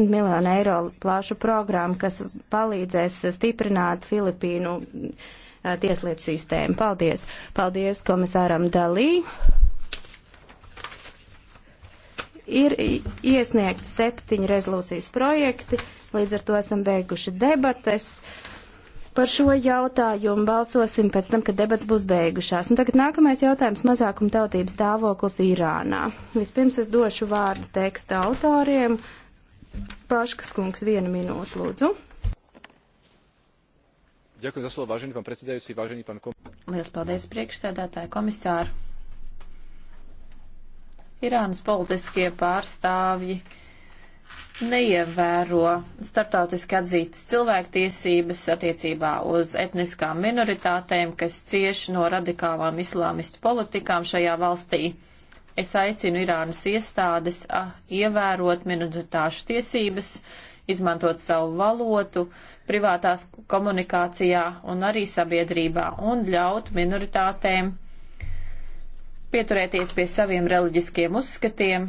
miljonu eiro plāšu programmu, kas palīdzēs stiprināt Filipīnu tieslietu sistēmu. Paldies! Paldies komisāram Dalī! Ir iesniegti septiņi rezolūcijas projekti, līdz ar to esam beiguši debates. Par šo jautājumu balsosim pēc tam, kad debats būs beigušās. Un tagad nākamais jautājums - mazākuma tautības stāvoklis Irānā. Vispirms es došu vārdu teksta autoriem. Paškas kungs, vienu minūtu, lūdzu. Ďakujem za slovo, vážený pán predsedajúci, vážený pán komisār. Lielas paldies, priekšsēdētāji, komisāri. Irānas politiskie pārstāvji neievēro starptautiski atzītas cilvēktiesības attiecībā uz etniskām minoritātēm, kas cieši no radikālām islāmistu politikām šajā valstī. Es aicinu Irānas iestādes a, ievērot minoritāšu tiesības, izmantot savu valotu privātās komunikācijā un arī sabiedrībā un ļaut minoritātēm pieturēties pie saviem reliģiskiem uzskatiem,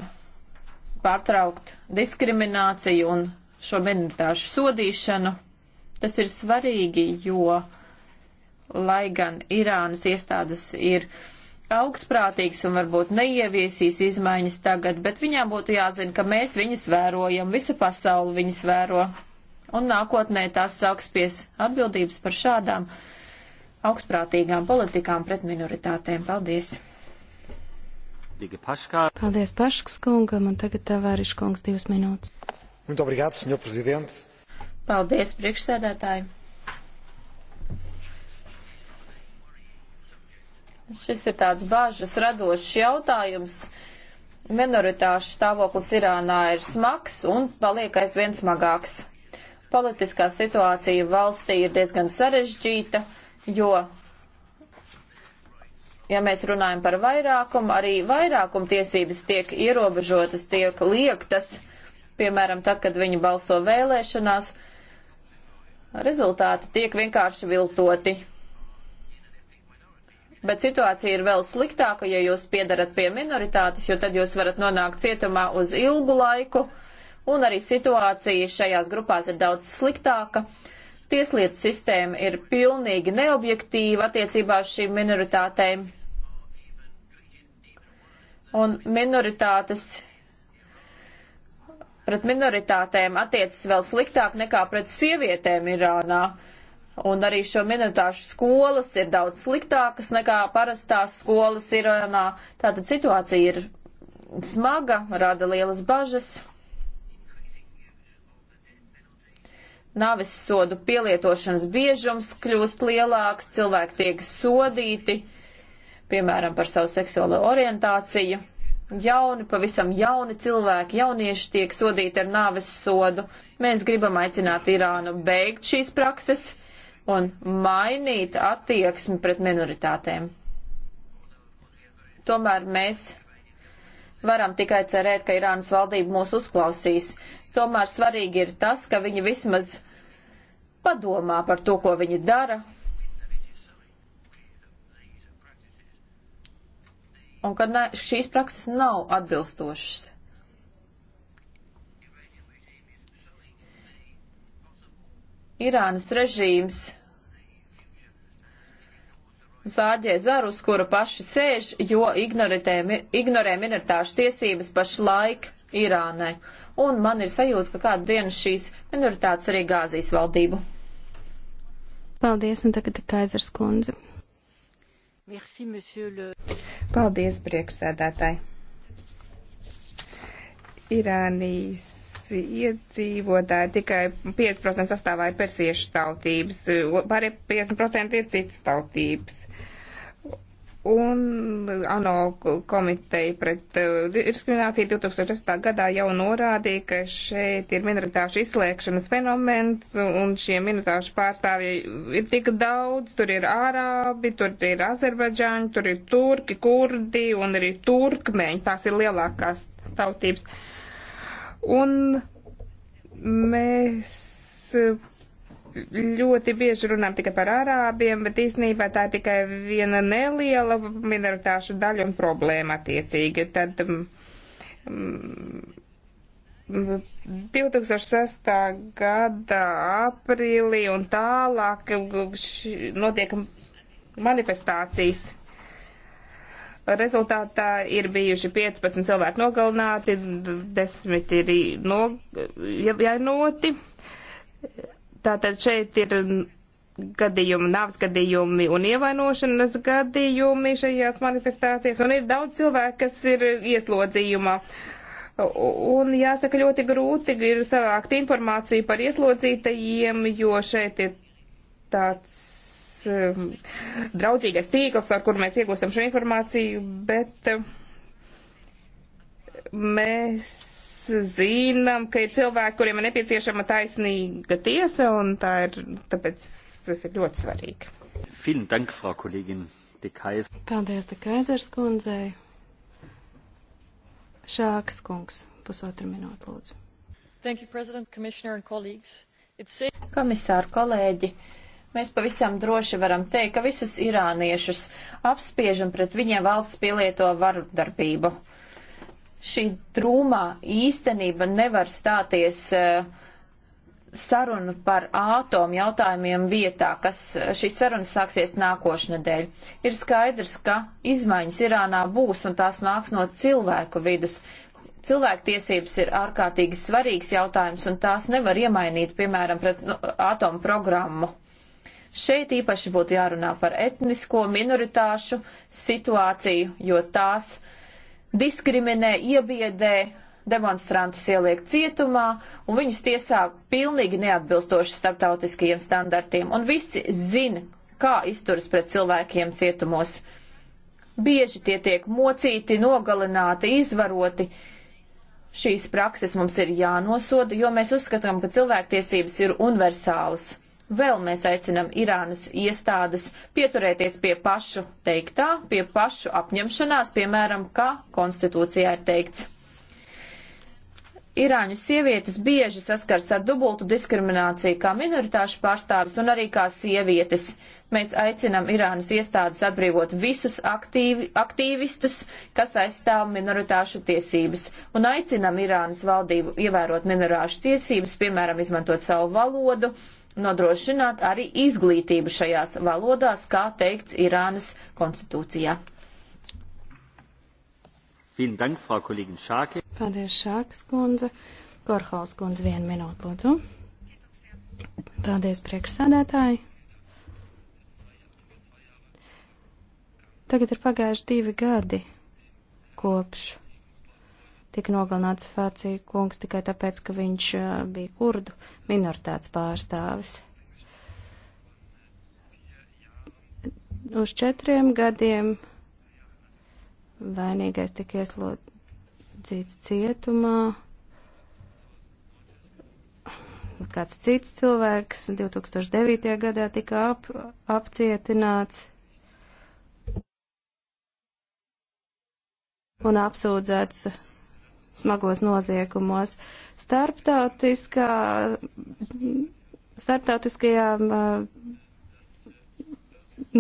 pārtraukt diskrimināciju un šo minoritāšu sodīšanu. Tas ir svarīgi, jo, lai gan Irānas iestādes ir uh, augstprātīgs un varbūt neieviesīs izmaiņas tagad, bet viņām būtu jāzina, ka mēs viņas vērojam, visa pasauli viņas vēro. Un nākotnē tās sauks pies atbildības par šādām augstprātīgām politikām pret minoritātēm. Paldies! Paldies, Paškas kungam, un tagad tavāriš kungs divas minūtes. Muito obrigado, senhor presidente. Paldies, priekšsēdētāji. Šis ir tāds bažas radošs jautājums. Minoritāšu stāvoklis Irānā ir smags un paliek aizvien smagāks. Politiskā situācija valstī ir diezgan sarežģīta, jo, ja mēs runājam par vairākumu, arī vairākumtiesības tiek ierobežotas, tiek liektas, piemēram, tad, kad viņi balso vēlēšanās, rezultāti tiek vienkārši viltoti Bet situācija ir vēl sliktāka, ja jūs piedarat pie minoritātes, jo tad jūs varat nonākt cietumā uz ilgu laiku, un arī situācija šajās grupās ir daudz sliktāka. Tieslietu sistēma ir pilnīgi neobjektīva attiecībā uz šīm minoritātēm, un minoritātes pret minoritātēm attiecas vēl sliktāk nekā pret sievietēm Irānā. Uh, Un arī šo minoritāšu skolas ir daudz sliktākas nekā parastās skolas ir. Tātad situācija ir smaga, rada lielas bažas. Nāves sodu pielietošanas biežums kļūst lielāks, cilvēki tiek sodīti, piemēram, par savu seksuālo orientāciju. Jauni, pavisam jauni cilvēki, jaunieši tiek sodīti ar nāves sodu. Mēs gribam aicināt Irānu beigt šīs prakses un mainīt attieksmi pret minoritātēm. Tomēr mēs varam tikai cerēt, ka Irānas valdība mūs uzklausīs. Tomēr svarīgi ir tas, ka viņi vismaz padomā par to, ko viņi dara. Un kad ne, šīs prakses nav atbilstošas. Irānas režīms zāģē zarus, kura paši sēž, jo ignorē minoritāšu tiesības pašlaik Irānai. Un man ir sajūta, ka kādu dienu šīs minoritātes arī gāzīs valdību. Paldies, un tagad Kaisers kundze. Merci, le... Paldies, priekšsēdētāji. Irānijas iedzīvotāji tikai 5% sastāvāja persiešu tautības, pārējie 50% ir citas tautības. Un ANO komiteja pret eh, diskrimināciju 2008. gadā jau norādīja, ka šeit ir minoritāšu izslēgšanas fenomens, un šie minoritāšu pārstāvji ir tik daudz, tur ir ārābi, tur ir azerbaidžāņi, tur ir turki, kurdi, un arī turkmeņi, tās ir lielākās tautības. Uh, Un mēs ļoti bieži runājam tikai par arābiem, bet īstenībā tā ir tikai viena neliela minoritāšu daļa un problēma attiecīgi. Tad, um, mm, 2006. Mm, gada aprīlī un tālāk š, notiek manifestācijas Rezultātā ir bijuši 15 cilvēki nogalināti, 10 ir no, jānoti. Tātad šeit ir gadījumi, nāves gadījumi un ievainošanas gadījumi šajās manifestācijās, un ir daudz cilvēku, kas ir ieslodzījumā. Un jāsaka, ļoti grūti ir savākt informāciju par ieslodzītajiem, jo šeit ir tāds Um, draudzīgais tīkls, ar kur mēs iegūstam šo informāciju, bet um, mēs zinām, ka ir cilvēki, kuriem ir nepieciešama taisnīga tiesa, un tā ir, tāpēc tas ir ļoti svarīgi. Vielen Dank, Frau Kollegin de Kaiser. Paldies, de Kaisers kundzei. Šāks kungs, pusotru minūtu lūdzu. Thank you, President, Commissioner and colleagues. Komisāru kolēģi, Mēs pavisam droši varam teikt, ka visus irāniešus apspiež un pret viņiem valsts pielieto vardarbību. Šī drūmā īstenība nevar stāties uh, sarunu par ātomu jautājumiem vietā, kas eh, šī saruna sāksies nākošnedēļ. Ir skaidrs, ka izmaiņas Irānā būs un tās nāks no cilvēku vidus. Cilvēktiesības ir ārkārtīgi svarīgs jautājums un tās nevar iemainīt, piemēram, pret nu, atomu programmu. Šeit īpaši būtu jārunā par etnisko minoritāšu situāciju, jo tās diskriminē, iebiedē, demonstrantus ieliek cietumā un viņus tiesā pilnīgi neatbilstoši starptautiskajiem standartiem. Un visi zina, kā izturas pret cilvēkiem cietumos. Bieži tie tiek mocīti, nogalināti, izvaroti. Šīs prakses mums ir jānosoda, jo mēs uzskatām, ka cilvēktiesības ir universālas. Vēl mēs aicinam Irānas iestādes pieturēties pie pašu teiktā, pie pašu apņemšanās, piemēram, kā konstitūcijā ir teikts. Irāņu sievietes bieži saskars ar dubultu diskrimināciju kā minoritāšu pārstāvis un arī kā sievietes. Mēs aicinam Irānas iestādes atbrīvot visus aktīvi, aktīvistus, kas aizstāv minoritāšu tiesības, un aicinam Irānas valdību ievērot minoritāšu tiesības, piemēram, izmantot savu valodu, nodrošināt arī izglītību šajās valodās, kā teikts Irānas konstitūcijā. Dank, Frau Kollegin Šāke. Paldies, Šākas kundze. Korhals kundze, vienu minūtu, lūdzu. Paldies, priekšsādētāji. Tagad ir pagājuši divi gadi kopš tika nogalināts Fācija kungs tikai tāpēc, ka viņš uh, bija kurdu minoritātes pārstāvis. Uz četriem gadiem vainīgais tika ieslodzīts cietumā. Kāds cits cilvēks 2009. gadā tika ap, apcietināts un apsūdzēts smagos noziegumos. Starptautiskā, starptautiskajā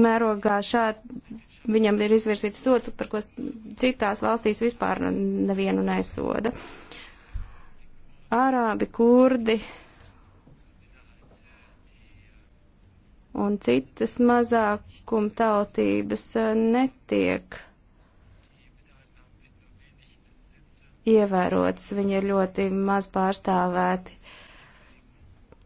mērogā šād, viņam ir izvirsīts sots, par ko citās valstīs vispār nevienu nesoda. Arābi, kurdi un citas mazākuma tautības eh, netiek ievērotas, viņi ir ļoti maz pārstāvēti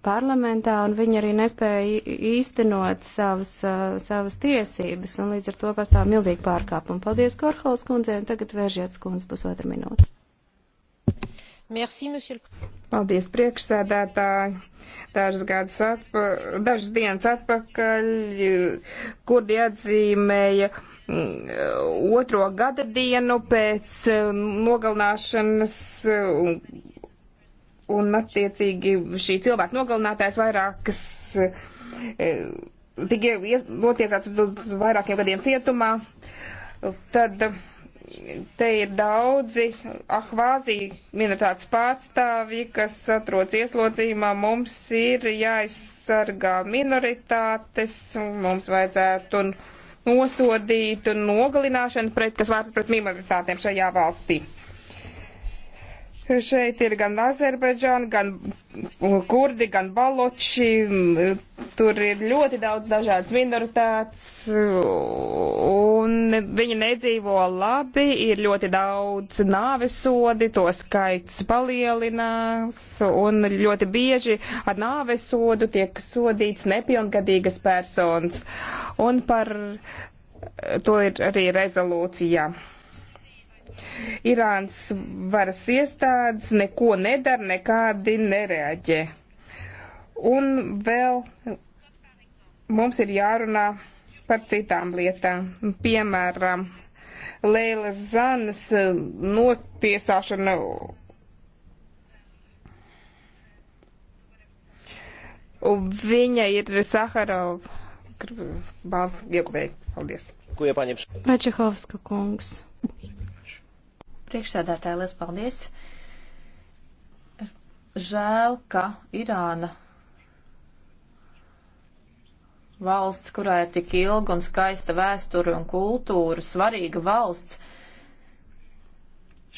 parlamentā, un viņi arī nespēja īstenot savas, uh, savas tiesības, un līdz ar to pastāv milzīgi pārkāpumi. Paldies Korholas kundzei, un tagad vēržiet skundz pusotra minūte. Merci, monsieur. Paldies, priekšsēdētāji. Dažas, gadus atpa, dažas dienas atpakaļ, kurdi atzīmēja mm, otro gada dienu pēc mm, nogalināšanas un attiecīgi šī cilvēka nogalinātājs vairākas e, tika notiesāts uz vairākiem gadiem cietumā, tad te ir daudzi ahvāzī minoritātes pārstāvji, kas atrodas ieslodzījumā. Mums ir jāaizsargā minoritātes, mums vajadzētu nosodīt un nogalināšanu pret, kas vērsta pret minoritātēm šajā valstī. Šeit ir gan Azerbaidžāna, gan kurdi, gan baloči. Tur ir ļoti daudz dažādas minoritātes, un viņi nedzīvo labi. Ir ļoti daudz nāvesodi, to skaits palielinās, un ļoti bieži ar nāvesodu tiek sodīts nepilngadīgas personas. Un par to ir arī rezolūcija. Irānas varas iestādes neko nedara, nekādi nereaģē. Un vēl mums ir jārunā par citām lietām. Piemēram, Leilas Zanas eh, notiesāšana Viņa ir Saharova balss ieguvēja. Paldies. Ko iepaņemšu? Vačehovska kungs. Priekšsēdētāji, liels paldies! Žēl, ka Irāna valsts, kurā ir tik ilga un skaista vēsture un kultūra, svarīga valsts,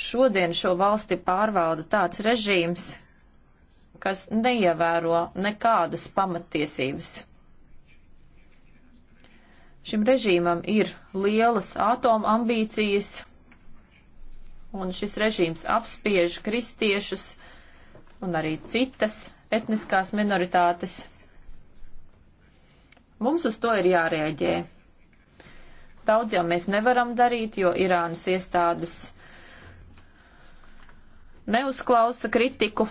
šodien šo valsti pārvalda tāds režīms, kas neievēro nekādas pamatiesības. Šim režīmam ir lielas atomu ambīcijas, un šis režīms apspiež kristiešus un arī citas etniskās minoritātes. Mums uz to ir jārēģē. Daudz jau mēs nevaram darīt, jo Irānas iestādes neuzklausa kritiku,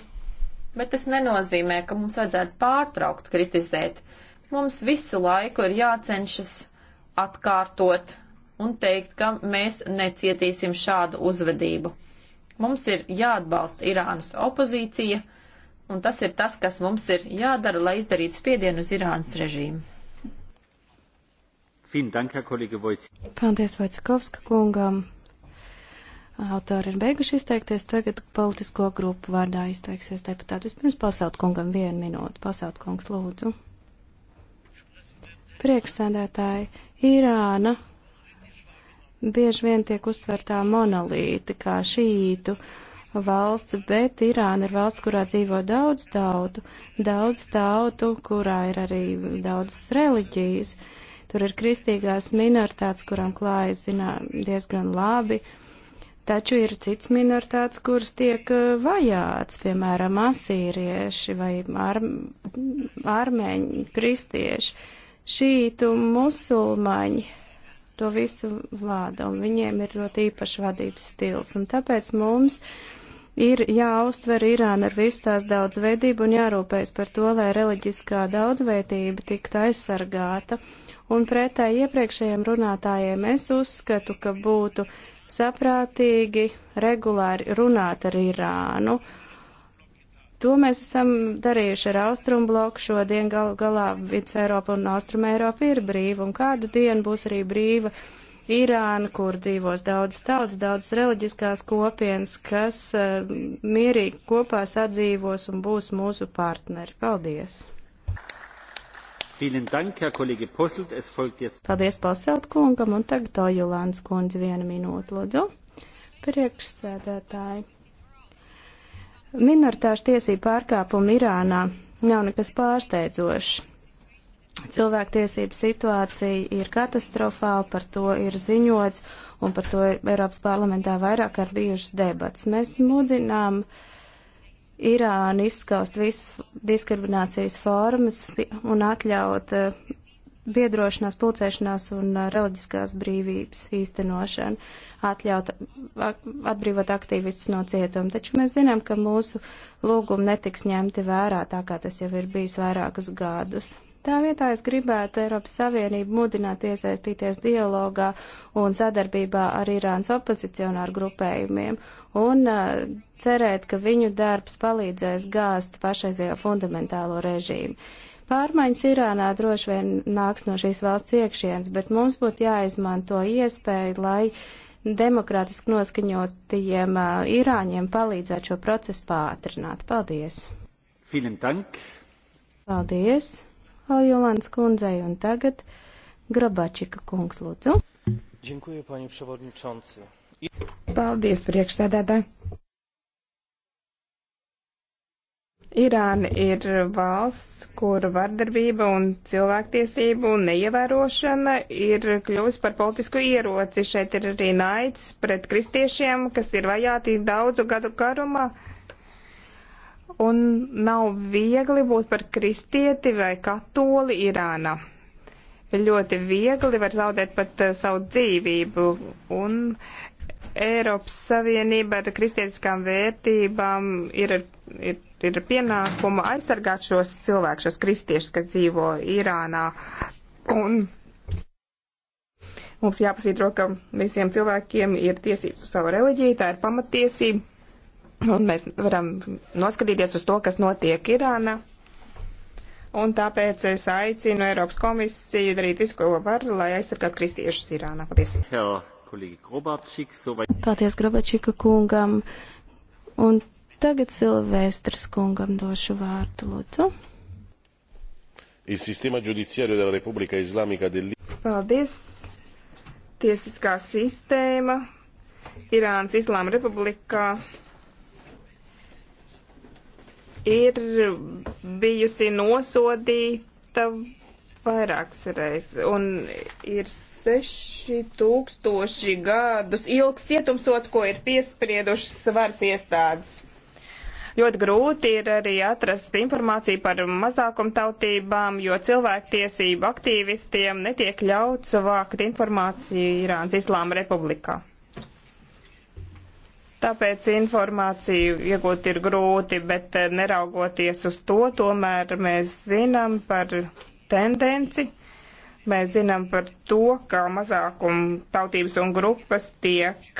bet tas nenozīmē, ka mums vajadzētu pārtraukt kritizēt. Mums visu laiku ir jācenšas atkārtot un teikt, ka mēs necietīsim šādu uzvedību. Mums ir jāatbalsta Irānas opozīcija, un tas ir tas, kas mums ir jādara, lai izdarītu spiedienu uz Irānas režīmu. Paldies Vaicekovska kungam. Autori ir beiguši izteikties, tagad politisko grupu vārdā izteiksies deputāti. Vispirms pasaut kungam vienu minūtu. Pasaut kungs lūdzu. Priekšsēdētāji, Irāna bieži vien tiek uztvertā monolīti, kā šītu valsts, bet Irāna ir valsts, kurā dzīvo daudz tautu, daudz tautu, kurā ir arī daudzas reliģijas. Tur ir kristīgās minoritātes, kurām klājas zinā, diezgan labi, taču ir cits minoritātes, kuras tiek eh, vajāts, piemēram, asīrieši vai ar, armēņi, kristieši, šītu musulmaņi to visu vada, un viņiem ir ļoti īpašs vadības stils. Un tāpēc mums ir jāuztver Irāna ar visu tās daudzveidību un jārūpēs par to, lai reliģiskā daudzveidība tiktu aizsargāta. Un pretēji iepriekšējiem runātājiem es uzskatu, ka būtu saprātīgi regulāri runāt ar Irānu To mēs esam darījuši ar Austrumu bloku. Šodien gal galā Vidus Eiropa un Austrum Eiropa ir brīva, un kādu dienu būs arī brīva Irāna, kur dzīvos daudzas tautas, daudzas reliģiskās kopienas, kas uh, mierīgi kopā sadzīvos un būs mūsu partneri. Paldies! Dank, Posselt, jetzt... Paldies, Paselt kungam, un tagad Ojulāns kundze vienu minūtu, lūdzu. Priekšsēdētāji. Minoritāšu tiesību pārkāpumi Irānā nav nekas pārsteidzošs. Cilvēktiesība situācija ir katastrofāla, par to ir ziņots, un par to Eiropas parlamentā vairāk kārt bijušas debats. Mēs mudinām Irānu izskaust visas diskriminācijas formas un atļaut uh, biedrošanās, pulcēšanās un reliģiskās brīvības īstenošana, atļaut, atbrīvot aktīvistus no cietuma. Taču mēs zinām, ka mūsu lūgumi netiks ņemti vērā, tā kā tas jau ir bijis vairākus gadus. Tā vietā es gribētu Eiropas Savienību mudināt iesaistīties dialogā un sadarbībā ar Irānas opozicionāru grupējumiem un uh, cerēt, ka viņu darbs palīdzēs gāzt pašreizējo fundamentālo režīmu. Uh, Pārmaiņas Irānā droši vien nāks no šīs valsts iekšienes, bet mums būtu jāizmanto iespēju, lai demokrātiski noskaņotajiem uh, Irāņiem palīdzētu šo procesu pātrināt. Paldies! Paldies, Aljolans kundzei, un tagad Grabačika kungs, lūdzu. Dziękuję, panie przewodniczący. Paldies, priekšsēdētāji. Irāna ir valsts, kur vardarbība un cilvēktiesību neievērošana ir kļuvusi par politisku ieroci. Šeit ir arī naids pret kristiešiem, kas ir vajāti daudzu gadu garumā. Un nav viegli būt par kristieti vai katoli Irānā. Ļoti viegli var zaudēt pat eh, savu dzīvību. Un Eiropas Savienība ar kristietiskām vērtībām ir, ir ir pienākuma aizsargāt šos cilvēkus, šos kristiešus, kas dzīvo Irānā. Un mums jāpasvītro, ka visiem cilvēkiem ir tiesības uz savu reliģiju, tā ir pamatiesība. Un mēs varam noskatīties uz to, kas notiek Irānā. Un tāpēc es aicinu Eiropas komisiju darīt visu, ko var, lai aizsargātu kristiešus Irānā. Paldies. Paldies Grobačika kungam. Un Tagad Silvestras kungam došu vārdu, lūdzu. Il sistema giudiziario della Repubblica Islamica del Paldies. Tiesiskā sistēma Irānas Islāma Republikā ir bijusi nosodīta vairākas reizes, un ir 6000 gadus ilgs cietumsots, ko ir piespriedušas varas iestādes. Ļoti grūti ir arī atrast informāciju par mazākumtautībām, jo cilvēktiesību aktīvistiem netiek ļauts vākt informāciju Irānas Islāma Republikā. Tāpēc informāciju iegūt ir grūti, bet eh, neraugoties uz to, tomēr mēs zinām par tendenci mēs zinām par to, ka mazākumu tautības un grupas tiek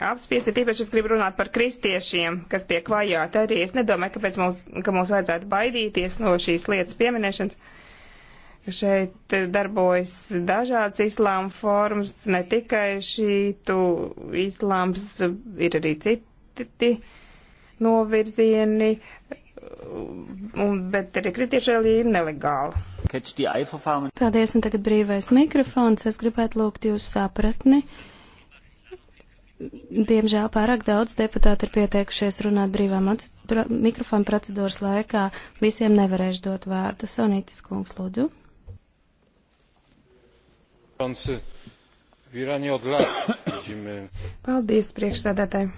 apspiesti. Tīpaši es gribu runāt par kristiešiem, kas tiek vajāti arī. Es nedomāju, kāpēc mums, ka mums vajadzētu baidīties no šīs lietas pieminēšanas. Šeit darbojas dažādas islāma formas, ne tikai šītu islāms, ir arī citi novirzieni, un, bet arī kritieši arī ir nelegāli. Paldies, un tagad brīvais mikrofons. Es gribētu lūgt jūsu sapratni. Uh, Diemžēl pārāk daudz deputāti ir pieteikušies runāt brīvā mikrofona procedūras laikā. Visiem nevarēšu dot vārdu. Sonītis kungs, lūdzu. Paldies, priekšsēdētāji.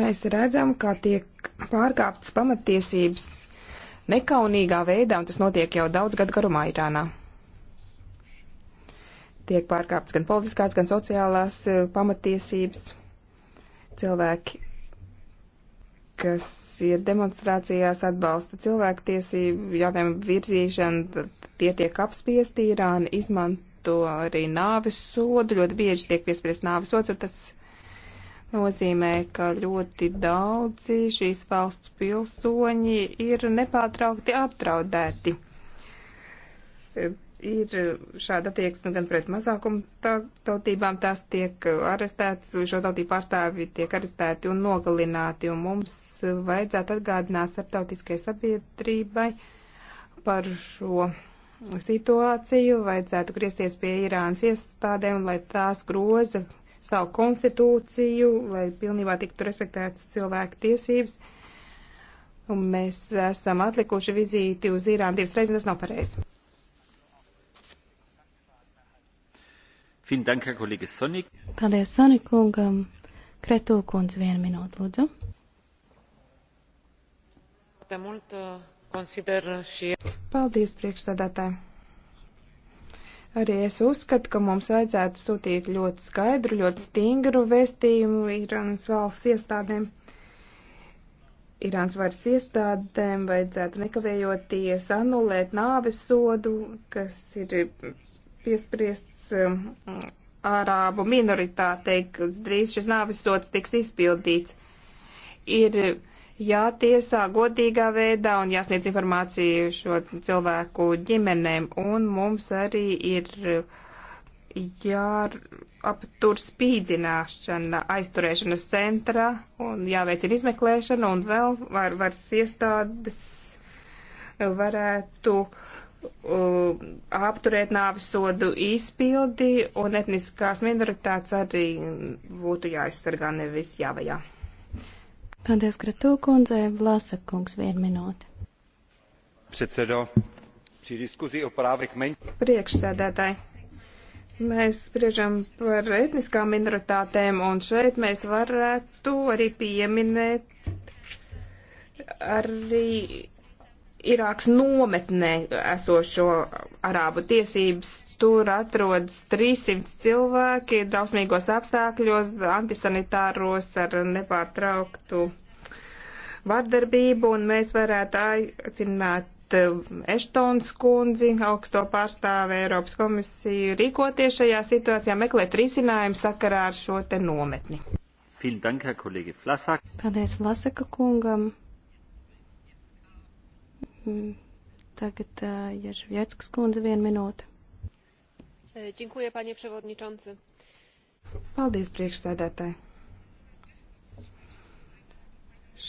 Mēs redzam, kā tiek pārkāptas pamatiesības nekaunīgā veidā, un tas notiek jau daudz gadu garumā Irānā Tiek pārkāptas gan politiskās, gan sociālās eh, pamatiesības. Cilvēki, kas ir demonstrācijās atbalsta cilvēktiesību jautājumu virzīšanu, tie tiek apspiesti, Irāna izmanto arī nāves sodu, ļoti bieži tiek piespriezt nāves sods, un tas nozīmē, ka ļoti daudzi šīs valsts pilsoņi ir nepārtraukti apdraudēti ir eh, šāda attieksme gan pret mazākumu tautībām, tās tiek eh, arestētas, šo tautību pārstāvi tiek arestēti un nogalināti, un mums eh, vajadzētu atgādināt starptautiskajai sabiedrībai par šo situāciju, vajadzētu griezties pie Irānas iestādēm, lai tās groza savu konstitūciju, lai pilnībā tiktu respektētas cilvēku tiesības. Un mēs esam atlikuši vizīti uz Irānu divas reizes, un tas nav pareizi. Paldies Sonikungam. Kretū kundze vienu minūtu, lūdzu. Uh, Paldies, priekšsēdētāji. Arī es uzskatu, ka mums vajadzētu sūtīt ļoti skaidru, ļoti stingru vēstījumu Irānas valsts iestādēm. Irānas varas iestādēm vajadzētu nekavējoties anulēt nāves sodu, kas ir piespriests arābu um, minoritātei, ka drīz šis nāvisots tiks izpildīts. Ir jātiesā godīgā veidā un jāsniedz informācija šo cilvēku ģimenēm, un mums arī ir jāaptur spīdzināšana aizturēšanas centrā un jāveicina izmeklēšana, un vēl var, varas iestādes varētu uh, Uh, apturēt nāvisodu izpildi un etniskās minoritātes arī būtu jāaizsargā nevis jāvajā. Paldies, Gratū kundze, Vlasa kungs, vienu minūti. Predsedo, šī diskusija o právek meņu. Priekšsēdētāji, mēs spriežam par etniskām minoritātēm un šeit mēs varētu arī pieminēt arī Irāks nometnē esošo arābu tiesības. Tur atrodas 300 cilvēki drausmīgos apstākļos, antisanitāros ar nepārtrauktu vardarbību, un mēs varētu aicināt eh, Eštons kundzi, augsto pārstāvi Eiropas komisiju, rīkoties šajā situācijā, meklēt risinājumu sakarā ar šo te nometni. Paldies Vlasaka kungam. Mm, tagad Ježvieckas kundze vienu minūti. E, dziękuję, panie przewodniczący. Paldies, priekšsēdētāji.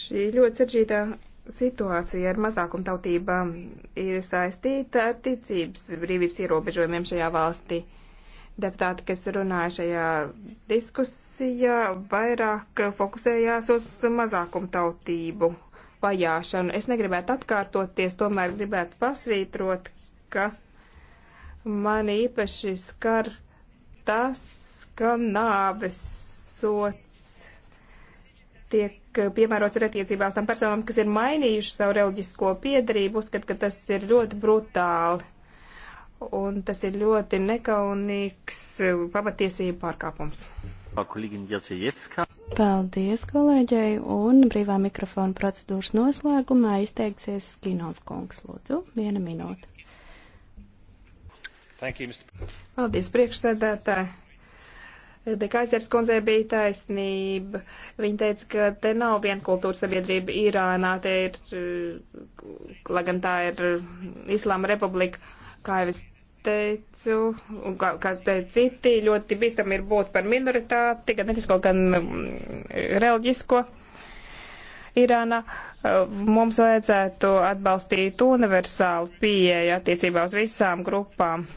Šī ļoti saržītā situācija ar mazākumtautībām ir saistīta ar ticības brīvības ierobežojumiem šajā valstī. Deputāti, kas runāja šajā diskusijā, vairāk fokusējās uz mazākumtautību vajāšanu. Es negribētu atkārtoties, tomēr gribētu pasvītrot, ka mani īpaši skar tas, ka nāves sots tiek piemērots ar attiecībā uz tām personām, kas ir mainījuši savu reliģisko piedarību, uzskat, ka tas ir ļoti brutāli. Un tas ir ļoti nekaunīgs pamatiesību pārkāpums. Kolīgina Jacejevska. Paldies kolēģei un brīvā mikrofona procedūras noslēgumā izteiksies Skinov kungs. Lūdzu, viena minūte. Paldies priekšsēdētāji. Dekaizers kundzei bija taisnība. Viņa teica, ka te nav vienkultūra sabiedrība Irānā, te ir, eh, lai gan tā ir eh, Islāma republika, kā jau es teicu, un kā, kā teica citi, ļoti bīstami ir būt par minoritāti, gan etisko, gan mm, reliģisko. Irānā eh, mums vajadzētu atbalstīt universālu pieeju attiecībā uz visām grupām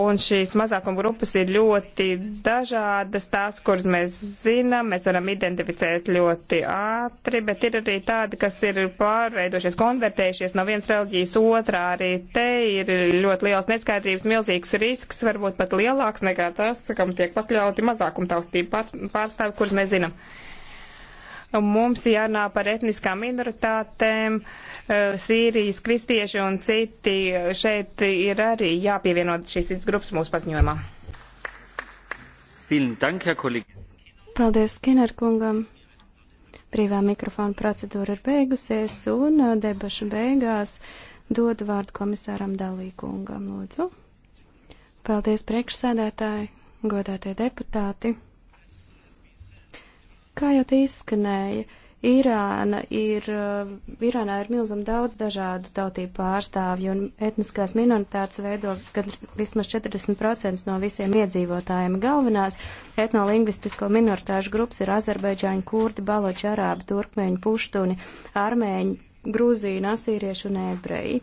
un šīs mazākuma grupas ir ļoti dažādas. Tās, kuras mēs zinām, mēs varam identificēt ļoti ātri, bet ir arī tādi, kas ir pārveidojušies, konvertējušies no vienas reliģijas otrā. Arī te ir ļoti liels neskaidrības, milzīgs risks, varbūt pat lielāks nekā tas, kam tiek pakļauti mazākumtaustību pārstāvi, kuras mēs zinām. Uh, Mums jārunā par etniskām minoritātēm, eh, Sīrijas kristieši un citi. Šeit ir arī jāpievienot šīs grupas mūsu paziņojumā. Paldies, Skinner kungam! Brīvā mikrofona procedūra ir beigusies, un eh, debašu beigās dodu vārdu komisāram Dalīkungam, lūdzu. Paldies, priekšsēdētāji, godātie deputāti! Kā jau te izskanēja, Irāna ir, uh, Irānā ir milzam daudz dažādu tautību pārstāvju, un etniskās minoritātes veido gan vismaz 40% no visiem iedzīvotājiem. Galvenās etnolingvistisko minoritāšu grupas ir azerbaidžāņi, kurdi, baloči, arābi, turkmeņi, puštuni, armēņi, grūzīni, asīrieši un ebreji.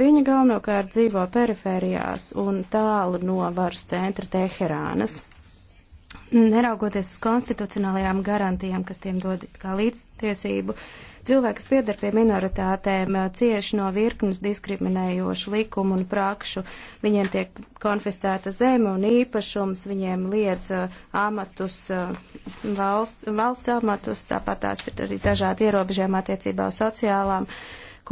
Viņa galvenokārt dzīvo perifērijās un tālu no varas centra Teherānas neraugoties uz konstitucionālajām garantijām, kas tiem dod kā līdztiesību, cilvēki, kas piedar pie minoritātēm, cieš no virknes diskriminējošu likumu un prakšu. Viņiem tiek konfiscēta zeme un īpašums, viņiem liedz amatus, valsts, valsts amatus, tāpat tās ir arī dažādi ierobežojumi attiecībā uz sociālām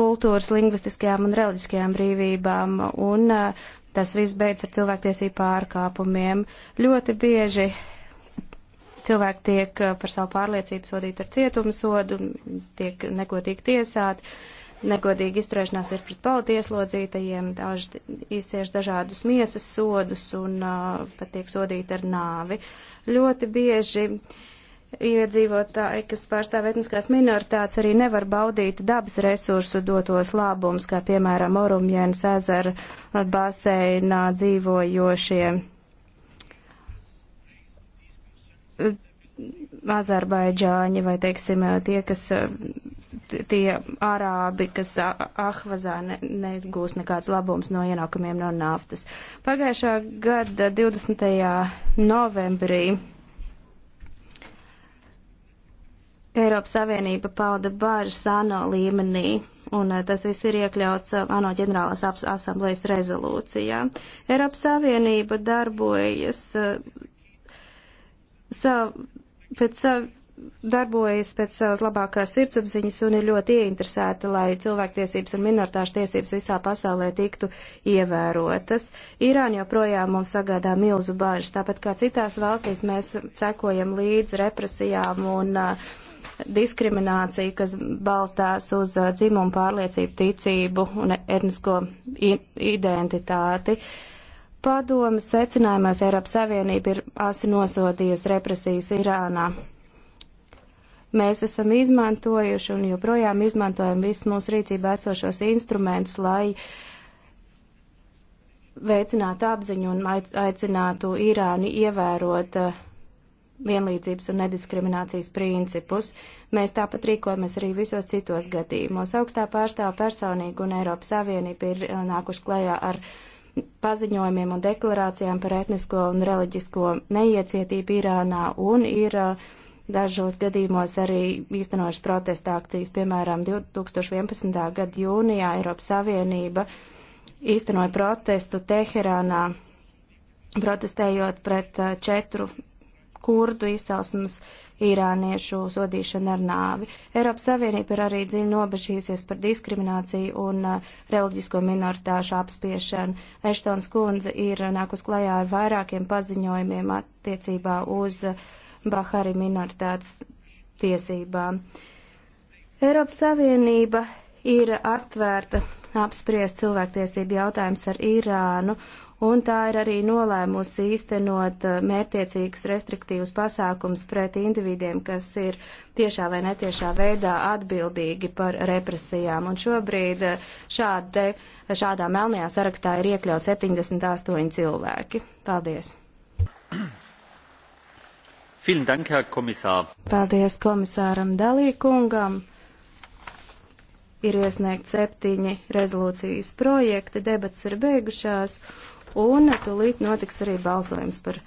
kultūras, lingvistiskajām un reliģiskajām brīvībām, un uh, Tas viss beidz ar cilvēktiesību pārkāpumiem. Ļoti bieži cilvēki tiek eh, par savu pārliecību sodīti ar cietumsodu, tiek negodīgi tiesāti, negodīgi izturēšanās ir pret politieslodzītajiem, daži izcieš dažādus miesas sodus un uh, pat tiek sodīti ar nāvi. Ļoti bieži uh, iedzīvotāji, kas pārstāv etniskās minoritātes, arī nevar baudīt dabas resursu dotos labumus, kā piemēram Orumjēnas ezera baseinā dzīvojošie azerbaidžāņi vai, teiksim, tie, kas tie arābi, kas Ahvazā ne, negūs nekāds labums no ienākumiem no naftas. Pagājušā gada 20. novembrī Eiropas Savienība pauda bažas ANO līmenī, un eh, tas viss ir iekļauts eh, ANO ģenerālās asamblējas rezolūcijā. Eiropas Savienība darbojas eh, sav, pēc savu darbojas pēc savas labākās sirdsapziņas un ir ļoti ieinteresēta, lai cilvēktiesības un minoritāšu tiesības visā pasaulē tiktu ievērotas. Irāna joprojām mums sagādā milzu bāžas, tāpat kā citās valstīs mēs cekojam līdz represijām un uh, diskriminācija, kas balstās uz uh, dzimumu pārliecību, ticību un etnisko identitāti. Padomas secinājumos Eiropas Savienība ir asi nosodījusi represijas Irānā. Mēs esam izmantojuši un joprojām izmantojam visus mūsu rīcībā esošos instrumentus, lai veicinātu apziņu un aicinātu Irāni ievērot uh, vienlīdzības un nediskriminācijas principus. Mēs tāpat rīkojamies arī visos citos gadījumos. Augstā pārstāva personīgi un Eiropas Savienība ir eh, nākuši klējā ar paziņojumiem un deklarācijām par etnisko un reliģisko neiecietību Irānā un ir eh, dažos gadījumos arī īstenojuši protesta akcijas. Piemēram, 2011. gada jūnijā Eiropas Savienība īstenoja protestu Teherānā protestējot pret eh, četru kurdu izcelsmes īrāniešu sodīšana ar nāvi. Eiropas Savienība ir arī dziļi nobežījusies par diskrimināciju un uh, reliģisko minoritāšu apspiešanu. Eštons kundze ir nākus klajā ar vairākiem paziņojumiem attiecībā uz Bahari minoritātes tiesībām. Eiropas Savienība ir atvērta apspriest cilvēktiesību jautājums ar Irānu un tā ir arī nolēmusi īstenot uh, mērtiecīgus restriktīvus pasākums pret individiem, kas ir tiešā vai netiešā veidā atbildīgi par represijām. Un šobrīd uh, šāde, šādā melnajā sarakstā ir iekļaut 78 cilvēki. Paldies! Dank, komisār. Paldies komisāram Dalīkungam ir iesniegt septiņi rezolūcijas projekti, debats ir beigušās un tūlīt notiks arī balsojums par